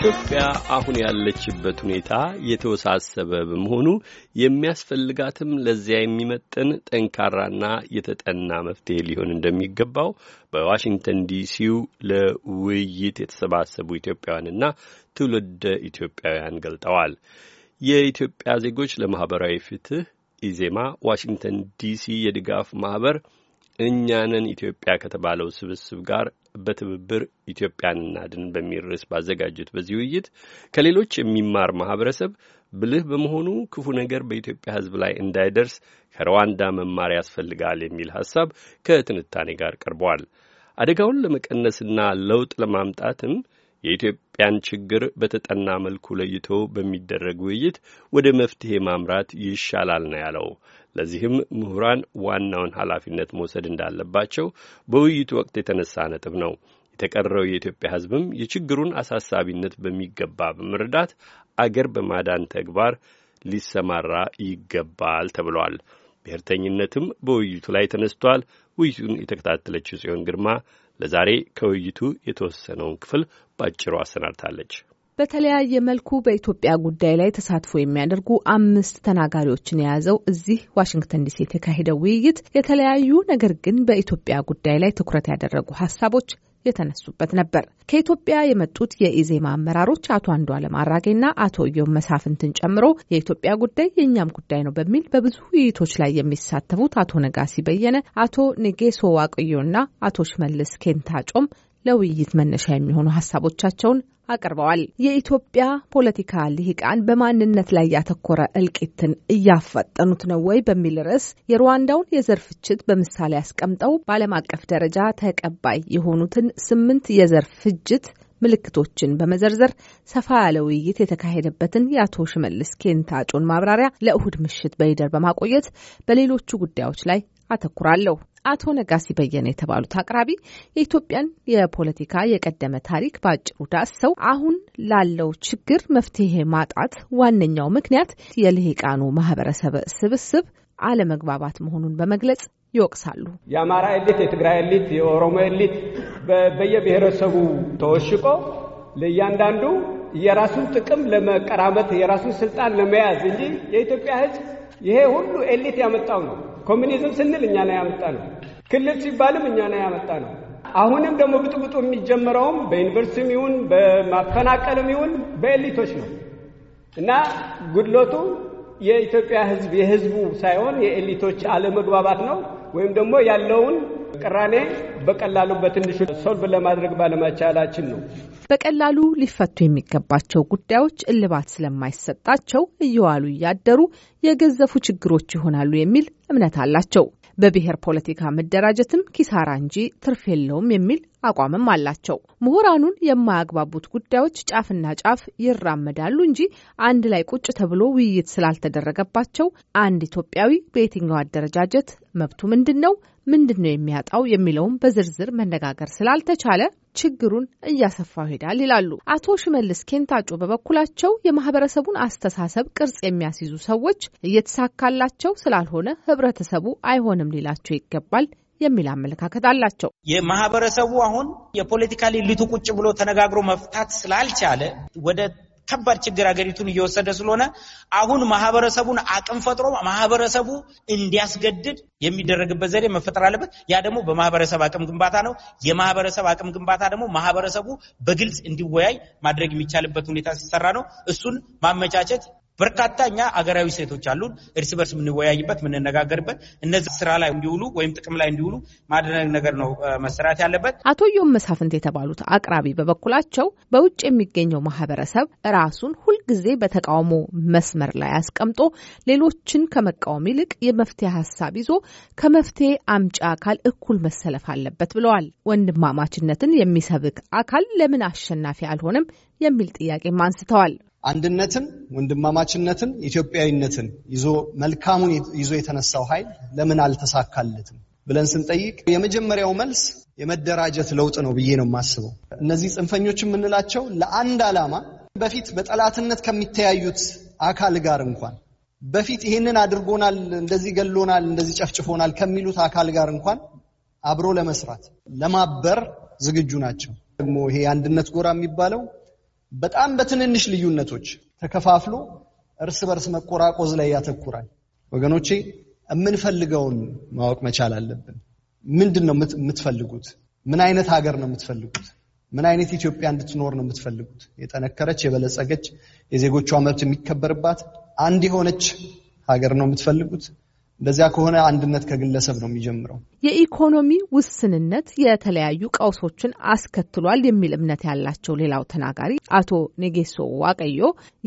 ኢትዮጵያ አሁን ያለችበት ሁኔታ የተወሳሰበ በመሆኑ የሚያስፈልጋትም ለዚያ የሚመጥን ጠንካራና የተጠና መፍትሄ ሊሆን እንደሚገባው በዋሽንግተን ዲሲው ለውይይት የተሰባሰቡ ኢትዮጵያውያንና ትውልደ ኢትዮጵያውያን ገልጠዋል። የኢትዮጵያ ዜጎች ለማህበራዊ ፍትህ ኢዜማ ዋሽንግተን ዲሲ የድጋፍ ማህበር እኛንን ኢትዮጵያ ከተባለው ስብስብ ጋር በትብብር ኢትዮጵያን እናድን በሚል ርዕስ ባዘጋጁት በዚህ ውይይት ከሌሎች የሚማር ማህበረሰብ ብልህ በመሆኑ ክፉ ነገር በኢትዮጵያ ሕዝብ ላይ እንዳይደርስ ከሩዋንዳ መማር ያስፈልጋል የሚል ሀሳብ ከትንታኔ ጋር ቀርበዋል። አደጋውን ለመቀነስና ለውጥ ለማምጣትም የኢትዮጵያን ችግር በተጠና መልኩ ለይቶ በሚደረግ ውይይት ወደ መፍትሄ ማምራት ይሻላል ነው ያለው። ለዚህም ምሁራን ዋናውን ኃላፊነት መውሰድ እንዳለባቸው በውይይቱ ወቅት የተነሳ ነጥብ ነው። የተቀረው የኢትዮጵያ ሕዝብም የችግሩን አሳሳቢነት በሚገባ በመረዳት አገር በማዳን ተግባር ሊሰማራ ይገባል ተብሏል። ብሔርተኝነትም በውይይቱ ላይ ተነስቷል። ውይይቱን የተከታተለችው ጽዮን ግርማ ለዛሬ ከውይይቱ የተወሰነውን ክፍል ባጭሩ አሰናድታለች። በተለያየ መልኩ በኢትዮጵያ ጉዳይ ላይ ተሳትፎ የሚያደርጉ አምስት ተናጋሪዎችን የያዘው እዚህ ዋሽንግተን ዲሲ የተካሄደው ውይይት የተለያዩ ነገር ግን በኢትዮጵያ ጉዳይ ላይ ትኩረት ያደረጉ ሀሳቦች የተነሱበት ነበር። ከኢትዮጵያ የመጡት የኢዜማ አመራሮች አቶ አንዱዓለም አራጌና አቶ እዮም መሳፍንትን ጨምሮ የኢትዮጵያ ጉዳይ የእኛም ጉዳይ ነው በሚል በብዙ ውይይቶች ላይ የሚሳተፉት አቶ ነጋሲ በየነ፣ አቶ ንጌሶ ዋቅዮና አቶ ሽመልስ ኬንታጮም ለውይይት መነሻ የሚሆኑ ሀሳቦቻቸውን አቅርበዋል። የኢትዮጵያ ፖለቲካ ልሂቃን በማንነት ላይ ያተኮረ እልቂትን እያፋጠኑት ነው ወይ በሚል ርዕስ የሩዋንዳውን የዘር ፍጅት በምሳሌ አስቀምጠው በዓለም አቀፍ ደረጃ ተቀባይ የሆኑትን ስምንት የዘር ፍጅት ምልክቶችን በመዘርዘር ሰፋ ያለ ውይይት የተካሄደበትን የአቶ ሽመልስ ኬንታጮን ማብራሪያ ለእሁድ ምሽት በይደር በማቆየት በሌሎቹ ጉዳዮች ላይ አተኩራለሁ። አቶ ነጋሲ በየነ የተባሉት አቅራቢ የኢትዮጵያን የፖለቲካ የቀደመ ታሪክ በአጭሩ ዳሰው አሁን ላለው ችግር መፍትሄ ማጣት ዋነኛው ምክንያት የልሂቃኑ ማህበረሰብ ስብስብ አለመግባባት መሆኑን በመግለጽ ይወቅሳሉ። የአማራ ኤሊት፣ የትግራይ ኤሊት፣ የኦሮሞ ኤሊት በየብሔረሰቡ ተወሽቆ ለእያንዳንዱ የራሱን ጥቅም ለመቀራመት የራሱን ስልጣን ለመያዝ እንጂ የኢትዮጵያ ህዝብ ይሄ ሁሉ ኤሊት ያመጣው ነው። ኮሚኒዝም ስንል እኛ ነው ያመጣ ነው። ክልል ሲባልም እኛ ነው ያመጣ ነው። አሁንም ደግሞ ብጥብጡ የሚጀመረውም በዩኒቨርሲቲም ይሁን በማፈናቀልም ይሁን በኤሊቶች ነው እና ጉድለቱ የኢትዮጵያ ህዝብ የህዝቡ ሳይሆን የኤሊቶች አለመግባባት ነው ወይም ደግሞ ያለውን ቅራኔ በቀላሉ በትንሹ ሶልቭ ለማድረግ ባለመቻላችን ነው። በቀላሉ ሊፈቱ የሚገባቸው ጉዳዮች እልባት ስለማይሰጣቸው እየዋሉ እያደሩ የገዘፉ ችግሮች ይሆናሉ የሚል እምነት አላቸው። በብሔር ፖለቲካ መደራጀትም ኪሳራ እንጂ ትርፍ የለውም የሚል አቋምም አላቸው። ምሁራኑን የማያግባቡት ጉዳዮች ጫፍና ጫፍ ይራመዳሉ እንጂ አንድ ላይ ቁጭ ተብሎ ውይይት ስላልተደረገባቸው አንድ ኢትዮጵያዊ በየትኛው አደረጃጀት መብቱ ምንድን ነው ምንድን ነው የሚያጣው የሚለውም በዝርዝር መነጋገር ስላልተቻለ ችግሩን እያሰፋው ይሄዳል ይላሉ። አቶ ሽመልስ ኬንታጮ በበኩላቸው የማህበረሰቡን አስተሳሰብ ቅርጽ የሚያስይዙ ሰዎች እየተሳካላቸው ስላልሆነ ህብረተሰቡ አይሆንም ሊላቸው ይገባል የሚል አመለካከት አላቸው። የማህበረሰቡ አሁን የፖለቲካ ሊሊቱ ቁጭ ብሎ ተነጋግሮ መፍታት ስላልቻለ ወደ ከባድ ችግር ሀገሪቱን እየወሰደ ስለሆነ አሁን ማህበረሰቡን አቅም ፈጥሮ ማህበረሰቡ እንዲያስገድድ የሚደረግበት ዘዴ መፈጠር አለበት። ያ ደግሞ በማህበረሰብ አቅም ግንባታ ነው። የማህበረሰብ አቅም ግንባታ ደግሞ ማህበረሰቡ በግልጽ እንዲወያይ ማድረግ የሚቻልበት ሁኔታ ሲሰራ ነው። እሱን ማመቻቸት በርካታ እኛ አገራዊ ሴቶች አሉን፣ እርስ በርስ የምንወያይበት የምንነጋገርበት፣ እነዚህ ስራ ላይ እንዲውሉ ወይም ጥቅም ላይ እንዲውሉ ማድረግ ነገር ነው መሰራት ያለበት። አቶ ዮም መሳፍንት የተባሉት አቅራቢ በበኩላቸው በውጭ የሚገኘው ማህበረሰብ ራሱን ሁልጊዜ በተቃውሞ መስመር ላይ አስቀምጦ ሌሎችን ከመቃወም ይልቅ የመፍትሄ ሀሳብ ይዞ ከመፍትሄ አምጪ አካል እኩል መሰለፍ አለበት ብለዋል። ወንድማማችነትን የሚሰብክ አካል ለምን አሸናፊ አልሆነም የሚል ጥያቄም አንስተዋል። አንድነትን፣ ወንድማማችነትን፣ ኢትዮጵያዊነትን ይዞ መልካሙን ይዞ የተነሳው ኃይል ለምን አልተሳካለትም ብለን ስንጠይቅ የመጀመሪያው መልስ የመደራጀት ለውጥ ነው ብዬ ነው የማስበው። እነዚህ ጽንፈኞች የምንላቸው ለአንድ ዓላማ በፊት በጠላትነት ከሚተያዩት አካል ጋር እንኳን በፊት ይህንን አድርጎናል፣ እንደዚህ ገሎናል፣ እንደዚህ ጨፍጭፎናል ከሚሉት አካል ጋር እንኳን አብሮ ለመስራት ለማበር ዝግጁ ናቸው። ደግሞ ይሄ የአንድነት ጎራ የሚባለው በጣም በትንንሽ ልዩነቶች ተከፋፍሎ እርስ በርስ መቆራቆዝ ላይ ያተኩራል። ወገኖቼ የምንፈልገውን ማወቅ መቻል አለብን። ምንድን ነው የምትፈልጉት? ምን አይነት ሀገር ነው የምትፈልጉት? ምን አይነት ኢትዮጵያ እንድትኖር ነው የምትፈልጉት? የጠነከረች፣ የበለጸገች፣ የዜጎቿ መብት የሚከበርባት አንድ የሆነች ሀገር ነው የምትፈልጉት? እንደዚያ ከሆነ አንድነት ከግለሰብ ነው የሚጀምረው። የኢኮኖሚ ውስንነት የተለያዩ ቀውሶችን አስከትሏል የሚል እምነት ያላቸው ሌላው ተናጋሪ አቶ ኔጌሶ ዋቀዮ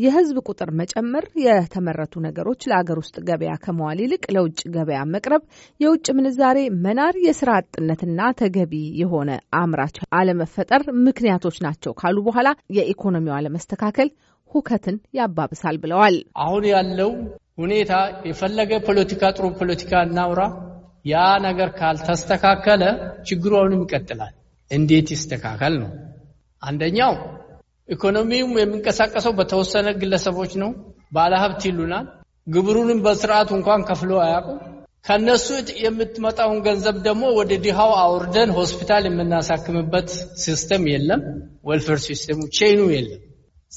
የህዝብ ቁጥር መጨመር፣ የተመረቱ ነገሮች ለአገር ውስጥ ገበያ ከመዋል ይልቅ ለውጭ ገበያ መቅረብ፣ የውጭ ምንዛሬ መናር፣ የስራ አጥነትና ተገቢ የሆነ አምራች አለመፈጠር ምክንያቶች ናቸው ካሉ በኋላ የኢኮኖሚው አለመስተካከል ሁከትን ያባብሳል ብለዋል። አሁን ያለው ሁኔታ የፈለገ ፖለቲካ ጥሩ ፖለቲካ እናውራ፣ ያ ነገር ካልተስተካከለ ችግሩ አሁንም ይቀጥላል። እንዴት ይስተካከል ነው? አንደኛው ኢኮኖሚውም የሚንቀሳቀሰው በተወሰነ ግለሰቦች ነው። ባለሀብት ይሉናል። ግብሩንም በስርዓቱ እንኳን ከፍሎ አያውቁም። ከነሱ የምትመጣውን ገንዘብ ደግሞ ወደ ድሃው አውርደን ሆስፒታል የምናሳክምበት ሲስተም የለም። ዌልፌር ሲስተሙ ቼኑ የለም።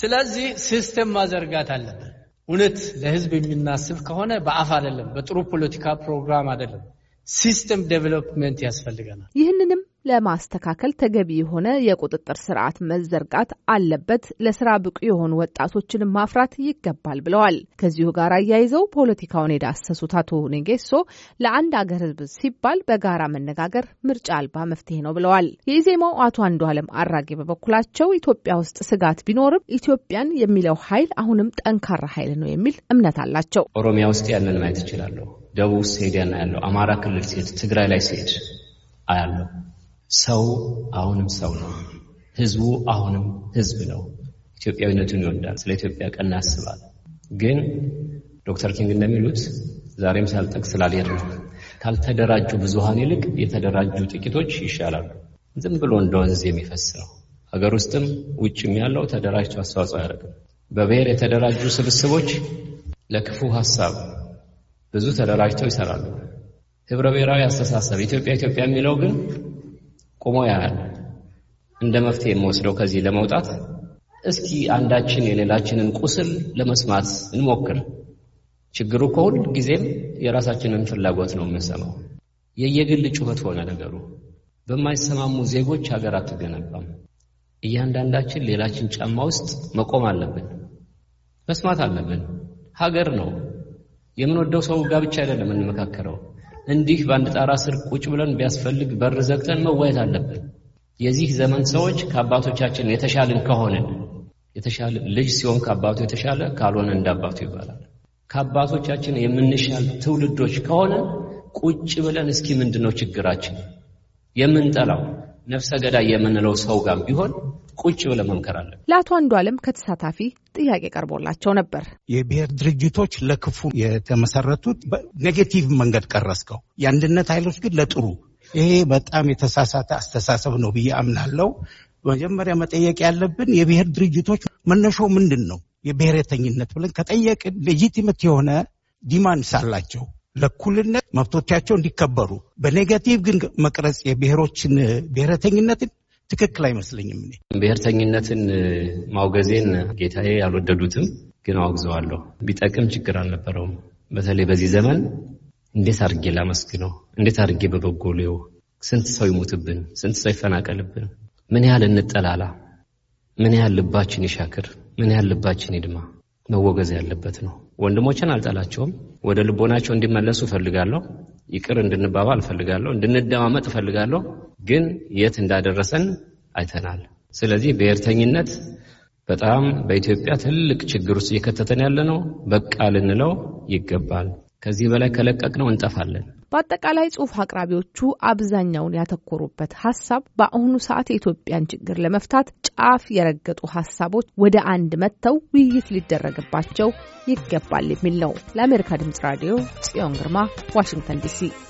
ስለዚህ ሲስተም ማዘርጋት አለበት። እውነት ለህዝብ የምናስብ ከሆነ በአፍ አይደለም፣ በጥሩ ፖለቲካ ፕሮግራም አይደለም፣ ሲስተም ዴቨሎፕመንት ያስፈልገናል። ይህንንም ለማስተካከል ተገቢ የሆነ የቁጥጥር ስርዓት መዘርጋት አለበት፣ ለስራ ብቁ የሆኑ ወጣቶችን ማፍራት ይገባል ብለዋል። ከዚሁ ጋር አያይዘው ፖለቲካውን የዳሰሱት አቶ ኔጌሶ ለአንድ አገር ህዝብ ሲባል በጋራ መነጋገር ምርጫ አልባ መፍትሄ ነው ብለዋል። የኢዜማው አቶ አንዱ አለም አራጌ በበኩላቸው ኢትዮጵያ ውስጥ ስጋት ቢኖርም ኢትዮጵያን የሚለው ኃይል አሁንም ጠንካራ ኃይል ነው የሚል እምነት አላቸው። ኦሮሚያ ውስጥ ያንን ማየት ይችላለሁ። ደቡብ ውስጥ ሄድ ያለው አማራ ክልል ሲሄድ፣ ትግራይ ላይ ሲሄድ አያለው። ሰው አሁንም ሰው ነው። ህዝቡ አሁንም ህዝብ ነው። ኢትዮጵያዊነቱን ይወዳል። ስለ ኢትዮጵያ ቀን ያስባል። ግን ዶክተር ኪንግ እንደሚሉት ዛሬም ሳልጠቅስ ስላልሄድ ነው ካልተደራጁ ብዙሃን ይልቅ የተደራጁ ጥቂቶች ይሻላሉ። ዝም ብሎ እንደ ወንዝ የሚፈስ ነው። ሀገር ውስጥም ውጭም ያለው ተደራጅቶ አስተዋጽኦ አያደርግም። በብሔር የተደራጁ ስብስቦች ለክፉ ሀሳብ ብዙ ተደራጅተው ይሰራሉ። ህብረ ብሔራዊ አስተሳሰብ ኢትዮጵያ ኢትዮጵያ የሚለው ግን ቆሞ ያላል። እንደ መፍትሄ የምወስደው ከዚህ ለመውጣት እስኪ አንዳችን የሌላችንን ቁስል ለመስማት እንሞክር። ችግሩ ከሁል ጊዜም የራሳችንን ፍላጎት ነው የምንሰማው። የየግል ጩኸት ሆነ ነገሩ። በማይሰማሙ ዜጎች ሀገር አትገነባም። እያንዳንዳችን ሌላችን ጫማ ውስጥ መቆም አለብን፣ መስማት አለብን። ሀገር ነው የምንወደው ሰው ጋር ብቻ አይደለም የምንመካከረው እንዲህ በአንድ ጣራ ስር ቁጭ ብለን ቢያስፈልግ በር ዘግተን መዋየት አለብን። የዚህ ዘመን ሰዎች ከአባቶቻችን የተሻልን ከሆንን የተሻለ ልጅ ሲሆን ከአባቱ የተሻለ ካልሆነ እንደ አባቱ ይባላል። ከአባቶቻችን የምንሻል ትውልዶች ከሆነ ቁጭ ብለን እስኪ ምንድን ነው ችግራችን የምንጠላው ነፍሰ ገዳይ የምንለው ሰው ጋር ቢሆን ቁጭ ብለን መምከር አለ። ለአቶ አንዱ አለም ከተሳታፊ ጥያቄ ቀርቦላቸው ነበር። የብሔር ድርጅቶች ለክፉ የተመሰረቱት ኔጌቲቭ መንገድ ቀረስከው፣ የአንድነት ኃይሎች ግን ለጥሩ። ይሄ በጣም የተሳሳተ አስተሳሰብ ነው ብዬ አምናለው መጀመሪያ መጠየቅ ያለብን የብሔር ድርጅቶች መነሻው ምንድን ነው? የብሔረተኝነት ብለን ከጠየቅን ሌጂቲመት የሆነ ዲማንድስ አላቸው ለእኩልነት መብቶቻቸው እንዲከበሩ። በኔጋቲቭ ግን መቅረጽ የብሔሮችን ብሔረተኝነትን ትክክል አይመስለኝም። እኔ ብሔርተኝነትን ማውገዜን ጌታዬ ያልወደዱትም ግን አወግዘዋለሁ። ቢጠቅም ችግር አልነበረውም። በተለይ በዚህ ዘመን እንዴት አድርጌ ላመስግነው? እንዴት አድርጌ በበጎ ልየው? ስንት ሰው ይሞትብን፣ ስንት ሰው ይፈናቀልብን፣ ምን ያህል እንጠላላ፣ ምን ያህል ልባችን ይሻክር፣ ምን ያህል ልባችን ይድማ። መወገዝ ያለበት ነው። ወንድሞችን አልጠላቸውም። ወደ ልቦናቸው እንዲመለሱ እፈልጋለሁ። ይቅር እንድንባባል እፈልጋለሁ። እንድንደማመጥ እፈልጋለሁ። ግን የት እንዳደረሰን አይተናል። ስለዚህ ብሔርተኝነት በጣም በኢትዮጵያ ትልቅ ችግር ውስጥ እየከተተን ያለ ነው። በቃ ልንለው ይገባል። ከዚህ በላይ ከለቀቅነው እንጠፋለን። በአጠቃላይ ጽሁፍ አቅራቢዎቹ አብዛኛውን ያተኮሩበት ሀሳብ በአሁኑ ሰዓት የኢትዮጵያን ችግር ለመፍታት ጫፍ የረገጡ ሀሳቦች ወደ አንድ መጥተው ውይይት ሊደረግባቸው ይገባል የሚል ነው። ለአሜሪካ ድምጽ ራዲዮ ጽዮን ግርማ ዋሽንግተን ዲሲ